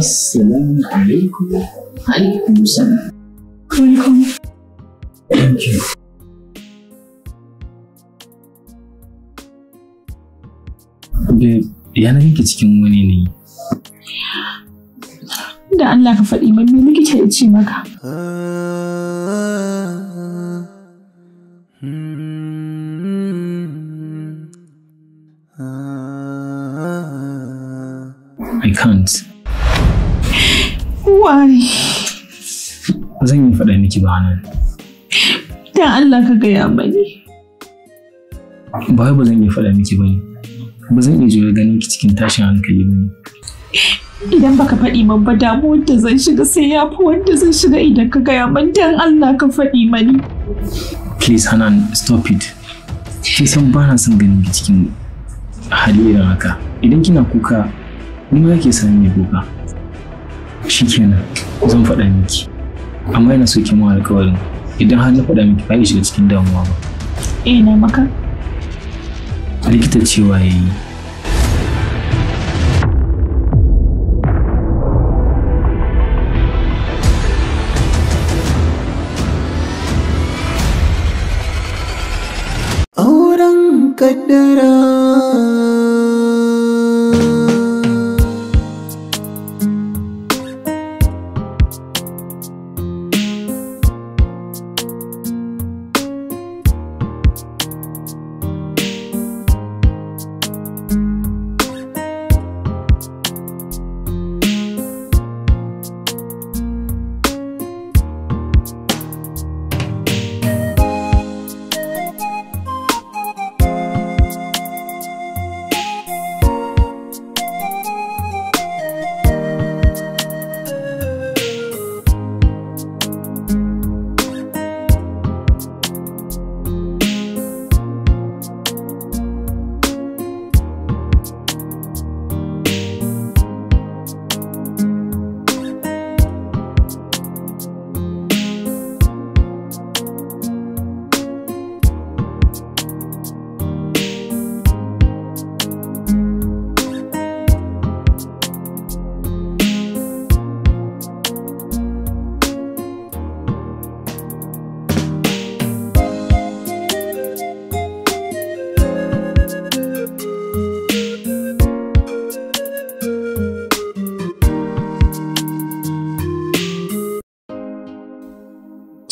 Assalamu alaikum. Alaikum salam. Welcome. Thank you. Babe, yana nake cikin wani ne. Da Allah ka faɗi mai me likita ya ce maka. I can't. ne. Zan yi faɗa miki ba nan. Da Allah ka gaya bane. Ba ba zan yi faɗa miki bane. Ba zan iya jure ganin ki cikin tashin hankali bane. Idan baka faɗi min ba damuwar da zan shiga sai ya fi wanda zan shiga idan ka gaya man dan Allah ka faɗi mani. Please Hanan stop it. Ki san ba na son ganin ki cikin hali irin haka. Idan kina kuka ni ma yake sanin ne kuka. shi kenan zan faɗa miki amma yana so ki mu idan har na faɗa miki ba shiga cikin damuwa ba eh na maka likita cewa yayi Auren kaddara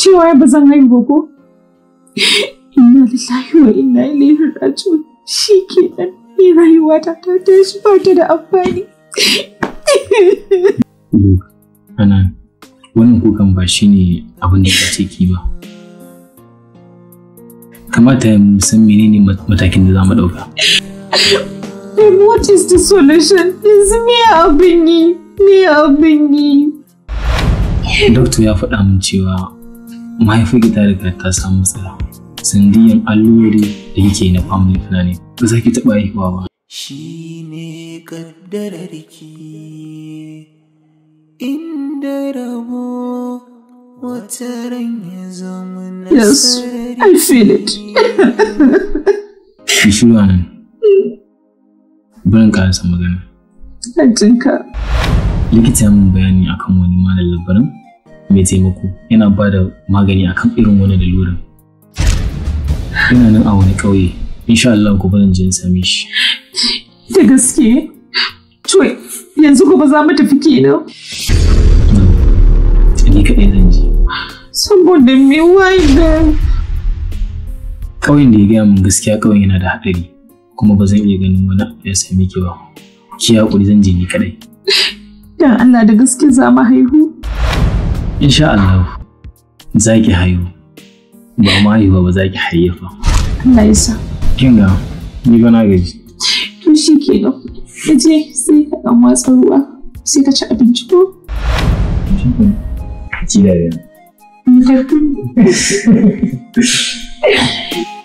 cewa ba zan haihu ko inna lillahi wa inna ilaihi raji'un shi ke nan ni rayuwa ta shi ba ta da amfani ana wannan kukan ba shi ne abin da ya ki ba. Kamata mu san menene matakin da za mu ɗauka. And what is the solution? Is me abin yi, me abin yi. Doctor ya faɗa min cewa mahaifarki ta riga ta samu matsala sandiyan allurori da yake na family planning ba za ki taɓa haihuwa ba. Shi ne ƙaddararki inda rabo wata ran ya zama na Yes, I feel it. Shi shi shirya nan. Barin ƙarasa magana. Ajinka. Likita ya mun bayani akan wani malam labarin mai taimako yana ba da magani a kan irin wani laluran yana nan a wani ƙauye insha Allah ku barin jin same shi da gaske to yanzu ku ba za mu tafi kenan ni kaɗai zan je saboda me waye da ƙauyen da ya gaya min gaskiya ƙauyen yana da haɗari kuma ba zan iya ganin wani ya same ki ba ki haƙuri zan je ni kaɗai dan Allah da gaske za mu haihu insha Allah za ki hayo ba ma haihuwa ba za ki hayyafa Allah ya sa kin ga ni ga na gaji to shi ke ga ka je sai ka dan watsa ruwa sai ka ci abinci ko ci da yau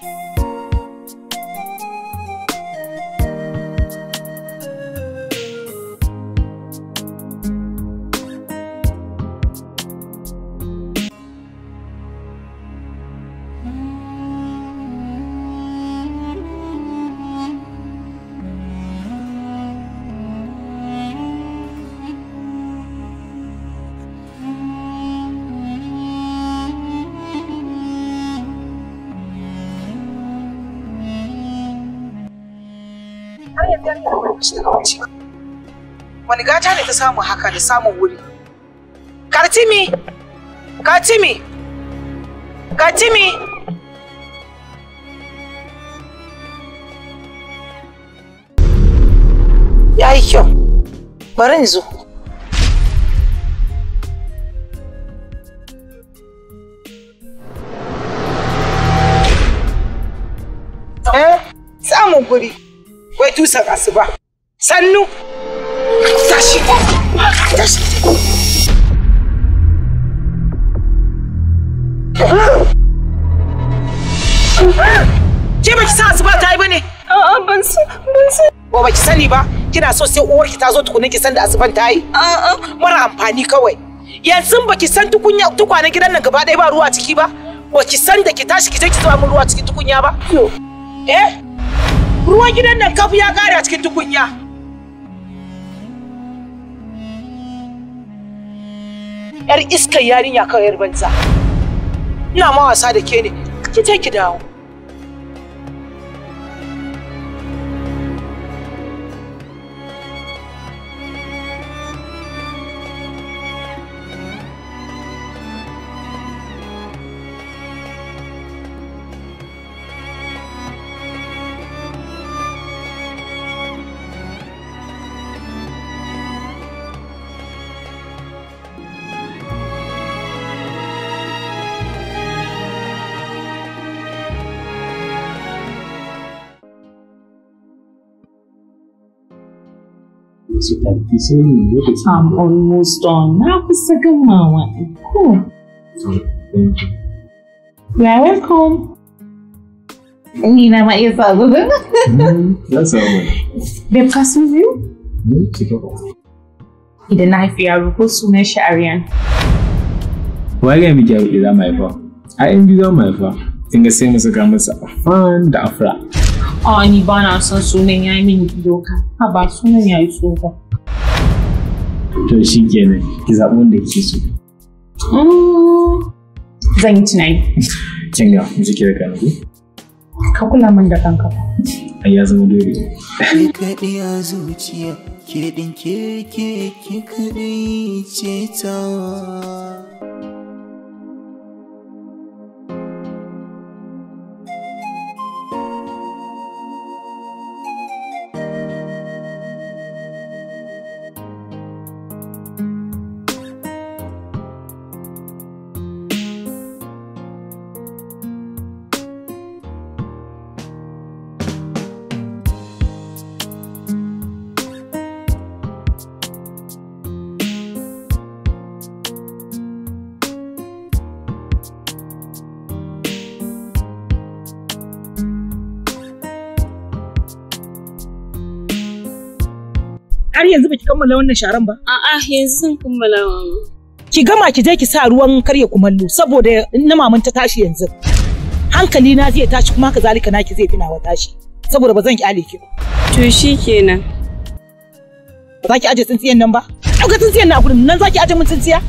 Wani gata ne ta samu haka da samun wuri? Kartimi! Kartimi! Kartimi! bari in zo eh samun guri wai tusan asuba sannu tashi tashi ke baki san asuba ta yi bane a'a ban san ban san ba baki sani ba kina so sai ki ta zo tukunin ki san da asuban ta yi mara amfani kawai yanzu baki san tukunya tukwana gidan nan gaba ɗaya ba ruwa ciki ba ba ki san da ki tashi ki je ki zo mu ruwa cikin tukunya ba eh ruwan gidan nan kafu ya kare a cikin tukunya yar iskar yarinya kawai yar banza ina ma wasa da ke ne ki ce ki dawo sweetheart, so I'm almost done. Now for second mama. Cool. Thank you. You are welcome. Ni na ma iya sa gobe. Hmm, ya samu. biyu? Idan haifi yaro ko sunan shi Aryan. Wa ga miki yaro idan mai fa? A in bi mai fa. sai mu saka masa Afan da Afra. ani ni ba na son sunan ya yi min doka ha ba sunan ya yi ba to shi kenan ki zaɓi wanda kike so mm, zan yi tunani kin ga mu ji kira kanku ka kula min da kanka ai ya zama dole kaɗai a zuciya ke ɗin ke ke ke kaɗai ce ta har yanzu baki kammala wannan sharan ba? A'a yanzu zan kammala mama. Ki gama ki je ki sa ruwan karya kumallo saboda na maman ta tashi yanzu. Hankali na zai tashi kuma kazalika naki zai wa tashi saboda ba zan kyale ki ba. To shikenan. Ba za ki aje tsintsiyan nan ba? Ɗauka tsintsiyan na gurin nan za ki aje min tsintsiya?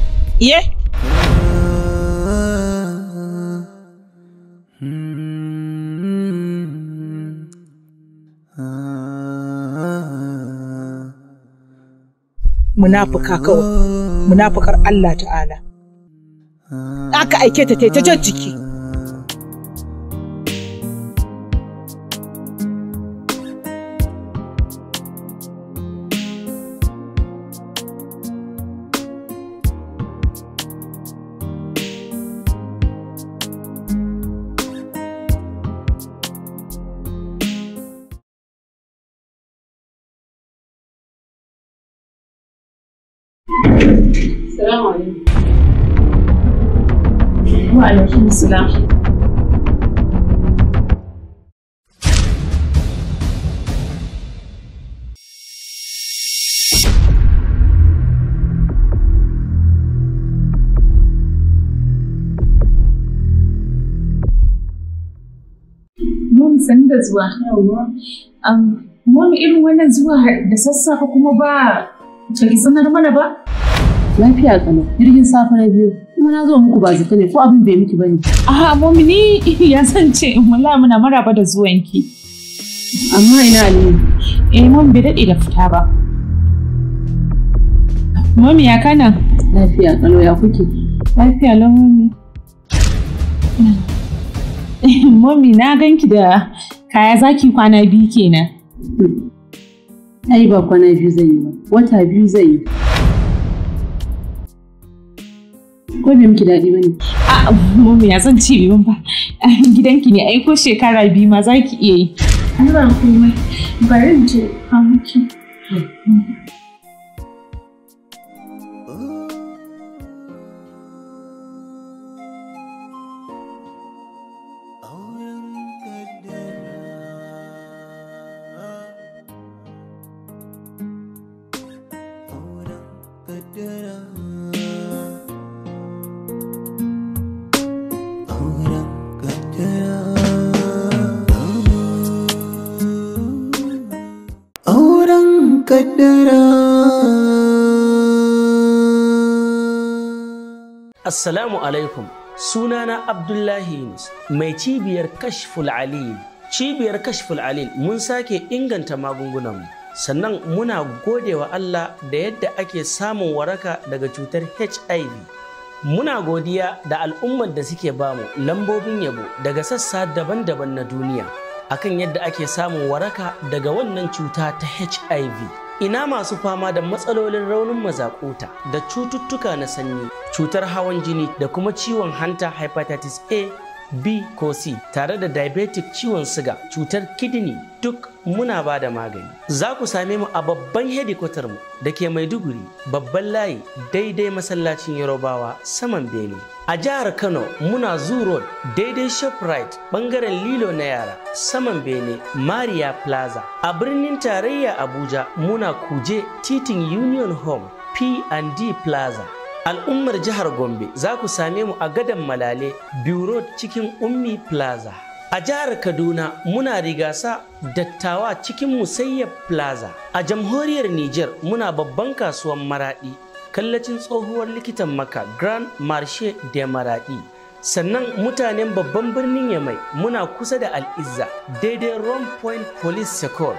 Iye? munafuka kawai munafukar Allah ta'ala aka aike ta ta jan jiki cela. Mom san da zuwa. Um, mom irin wannan zuwa da sassafe kuma ba ta sanar mana ba? Lafiya kana, jirgin safe na biyu. kuma na zo muku ba zata ne ko abin bai miki bane a ni ya san ce wallahi muna maraba da zuwanki amma ina ne eh mun bai dade da fita ba mami ya kana lafiya kalo ya kuke lafiya lau mami mami na ganki da kaya zaki kwana biyu kenan hmm. ai ba kwana biyu zai yi ba wata biyu zai yi ko bai miki daɗi ba ne? A mami ya zan ce ba. Gidanki ne ai ko shekara biyu ma za ki iya yi. Allah ku mai bari mu ce a miki. assalamu alaikum sunana abdullahi yunus mai cibiyar kashful alil cibiyar kashful alil mun sake inganta magungunanmu sannan muna godewa allah da yadda ake samun waraka daga cutar hiv muna godiya da al'ummar da suke bamu lambobin yabo daga sassa daban-daban na duniya akan yadda ake samun waraka daga wannan cuta ta hiv ina masu fama da matsalolin raunin mazakuta da cututtuka na sanyi cutar hawan jini da kuma ciwon hanta hepatitis a b ko c tare da diabetic ciwon siga cutar kidney duk muna ba da magani za ku same mu a babban hedikwatar mu da ke maiduguri babban layi daidai masallacin yarobawa saman bene a jihar kano muna zoo road daidai shoprite bangaren lilo na yara saman bene maria plaza a birnin tarayya abuja muna kuje titin union home p&d plaza al'ummar jihar gombe za ku same mu a gadon malale biro cikin ummi plaza a jihar kaduna muna rigasa dattawa cikin musayyar plaza a jamhuriyar niger muna babban kasuwan maradi kallacin tsohuwar likitan maka grand marche de maradi sannan mutanen babban birnin yamai muna kusa da al'izza daidai rome point police secor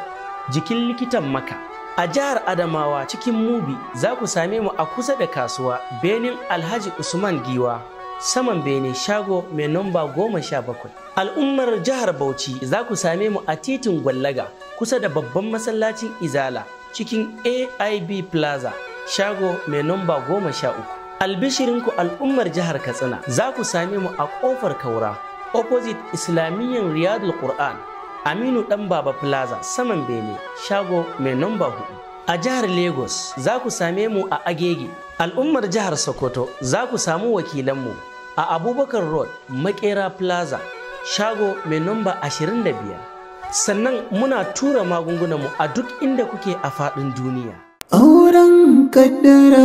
jikin likitan maka A jihar Adamawa cikin Mubi za ku same mu a kusa da kasuwa Benin Alhaji Usman Giwa saman Benin shago mai namba goma sha bakwai. Al'ummar jihar Bauchi za ku same mu a titin Gwallaga kusa da babban masallacin Izala cikin AIB Plaza shago mai namba goma sha uku. Albishirinku al'ummar jihar Katsina za ku same mu a ƙofar Kaura opposite Islamiyyar Riyadul Qur'an aminu dan baba plaza saman bene shago mai namba hudu a jihar lagos za ku same mu a agege al'ummar jihar sokoto za ku samu wakilanmu a abubakar road makera plaza shago mai namba biyar, sannan muna tura magungunanmu a duk inda kuke a faɗin duniya auren kaddara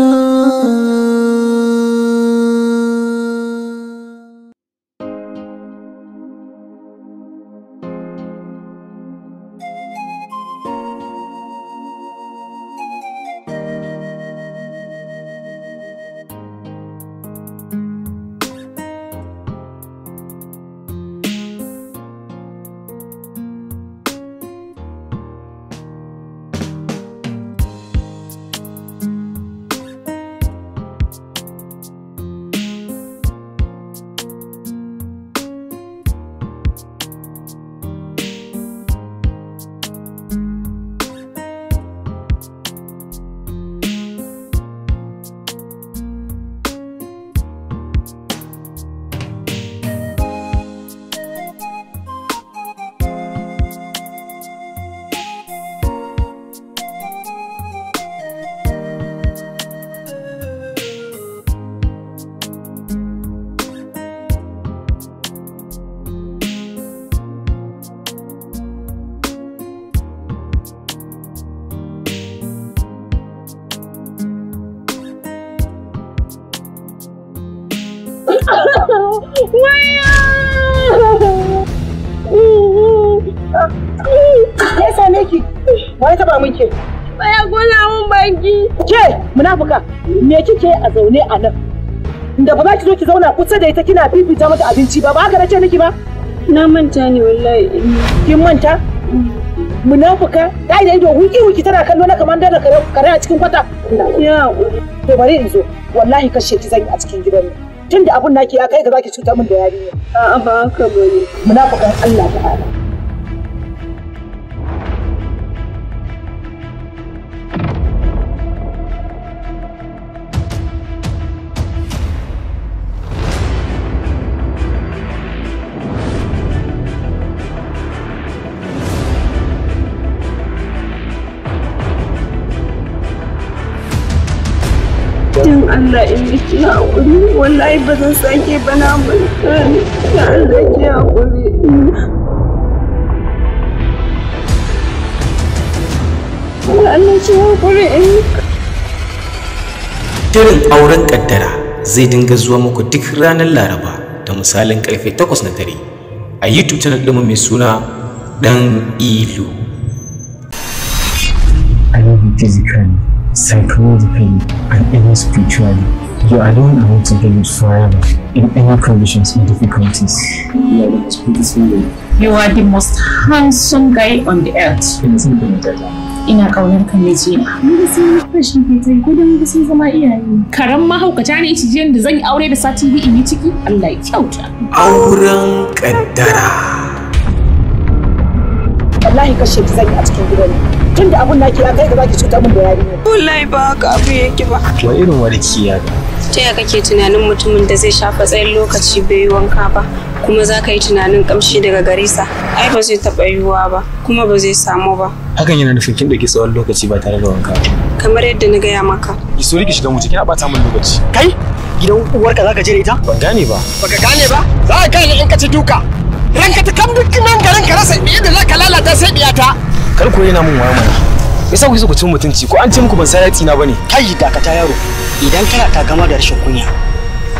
raba muke baya gona mun banki ke munafuka me kike a zaune a nan da ba za ki zo ki zauna kusa da ita kina fifita mata abinci ba ba haka nace niki ba na manta ne wallahi kin manta munafuka dai da ido wuki wuki tana kallo na kamar da kare a cikin kwata ya to bari in zo wallahi kashe ki zan yi a cikin gidan tun tunda abun naki ya kai ga zaki cuta min da yarinya a'a ba haka bane munafukan Allah ta'ala wallahi ba zan sake ba na mutane tare da ke hakuri Allah ce hakuri in Tirin auren kaddara zai dinga zuwa muku duk ranar Laraba da misalin karfe 8 na dare a YouTube channel ɗinmu mai suna Dan Ilu. I love you physically, psychologically, and even spiritually. You are the one I want to be with forever, in any conditions or difficulties. You are the most handsome guy on the earth. Ina son kaunar ka mai ce. Mun ga sun yi fashin fetai ko da mun sun zama iyaye. Karan mahaukata ne jiyan da zan yi aure da sati biyu in yi ciki? Allah ya kyauta. Auren kaddara. Wallahi kashe ki zan yi a cikin gidan Tun da abun na ke kai da baki cuta min da yarinya wallahi ba haka abu yake ba wa irin wani warkiya ta ya kake tunanin mutumin da zai shafa tsayin lokaci bai wanka ba kuma za ka yi tunanin kamshi daga garisa, sa ai ba zai taɓa yiwuwa ba kuma ba zai samu ba hakan yana nufin kin ɗauki tsawon lokaci ba tare da wanka kamar yadda na gaya maka Ki so riki shiga wuce kina ɓata min lokaci kai gidan uwarka za ka je da ita ban gane ba baka gane ba za ka ni in ka ci duka ranka ta kam duk nan garin ka rasa iya da za ka lalata sai ɗiyata kar yana mun wayo mana yasa ku ku ci mutunci ko an ce muku ban sarati na bane kai dakata yaro idan kana gama da rashin kunya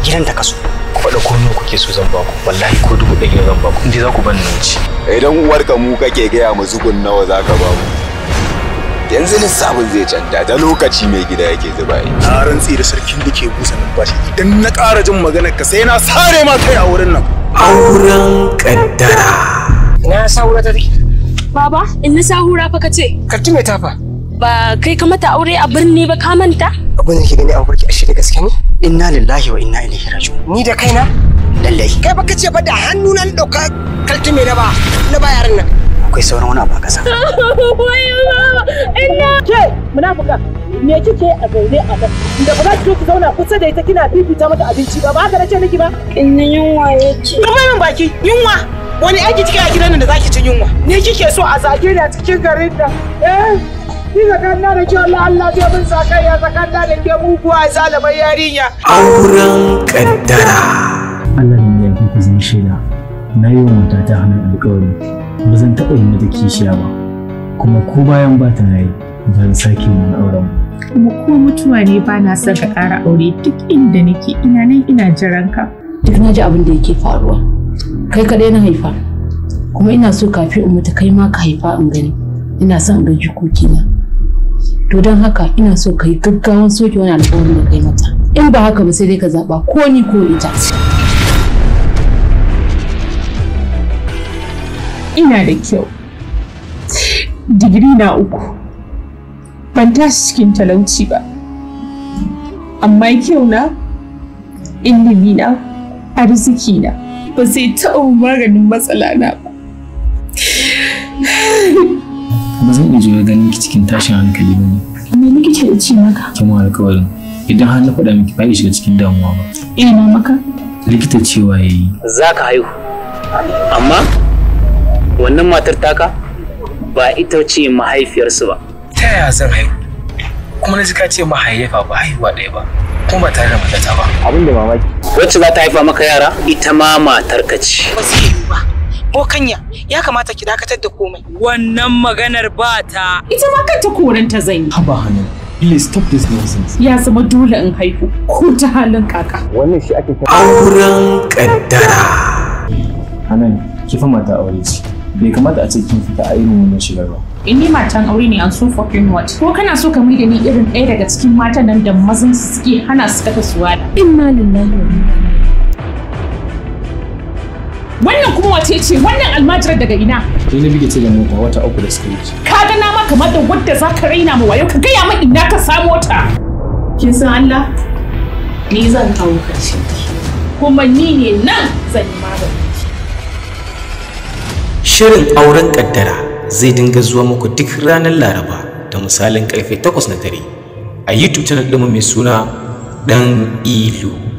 gidan ta kaso ku faɗa ko nawa kuke so zan ba ku wallahi ko dubu ɗari zan ba ku inda za ku ni ci idan ka mu kake gaya mu zugun nawa za ka ba mu yanzu sabon zai canta da lokaci mai gida yake zuba yi na rantsi da sarkin da ke busa numfashi idan na ƙara jin maganar ka sai na sare ma kai a wurin nan auren kaddara na saurata take Baba, in na sahura fa kace. Karti mai tafa. Ba kai kamata aure a birni ba ka manta? Abin da ke gani a farki ashe da gaske ne? Inna lillahi wa inna ilaihi raji'un. Ni da kaina? Lallai. Kai ba kace ba da hannu nan dauka kalti mai na ba na ba yaran nan. Akwai sauran wani abu a kasa. Inna! Ke, munafuka, me kike a zaune a nan? Da ba za ki ki zauna kusa da ita kina bibita mata abinci ba, ba haka nace miki ba? Inna yunwa ya ce. Kamar min baki, yunwa. Wani aiki kike a gidan nan da zaki ci yunwa? Ni kike so a zage ni a cikin garin nan? Eh, ni na da ke Allah Allah zai min sakayya zakanna da ke muguwa zalabar yarinya. Auren kaddara. Allah ne ya fi kuzin shaida. Na yi wa mata ta hannun alkawari. Ba zan taɓa yi mata kishiya ba. kuma ko bayan ba ta rayu ban sake wani auren kuma ko mutuwa ne ba na son ka ƙara aure duk inda nake ina nan ina jiran ka duk na ji abin da yake faruwa kai kaɗai na haifa kuma ina so kafin in mutu kai ma ka haifa in gani ina son in ga na, to don haka ina so ka gaggawan soke wani alƙawarin da kai mata in ba haka ba sai dai ka zaɓa ko ni ko ita ina da kyau digiri na uku ban tashi cikin talauci ba amma kyau na ilimi na arziki na ba zai taɓa maganin matsala na ba ba zan iya jiwa ganin cikin tashin hankali ba ne me nake da ce maka kin wa alƙawarin idan har na faɗa miki ba ki shiga cikin damuwa ba eh na maka likita cewa yayi za ka haihu amma wannan matar taka ba ita ce mahaifiyarsu ba ta yaya zan haihu kuma na ji ka ce mahaifa ba haihuwa ɗaya ba kuma ba tare da matata ba abin da mamaki wacce za ta haifa maka yara ita ma matarka ce ba zai yiwu ba bokanya ya kamata ki dakatar da komai wannan maganar ba ta ita ma kanta koranta zan yi haba hannu Please stop this nonsense. Ya zama dole in haihu ko ta halin kaka. Wannan shi ake kira auren kaddara. Hanan, kifa mata aure ce. bai kamata a ce kin fita a irin wannan shigar ba in ni matan aure ne an so fucking what ko kana so ka maida ni irin ɗaya daga cikin matan nan da mazan su suke hana su kata suwa inna lillahi wa wannan kuma wace ce wannan almajirar daga ina ni bige ce da mota wata uku da suka yi ka ga na maka da wadda za ka raina ma wayo ka gaya min ina ka samo ta kin san Allah ni zan kawo karshen kuma ni ne nan zan yi Shirin auren kaddara zai dinga zuwa muku duk ranar Laraba da misalin karfe 8 na dare a YouTube channel ɗinmu mai suna Dan Ilu.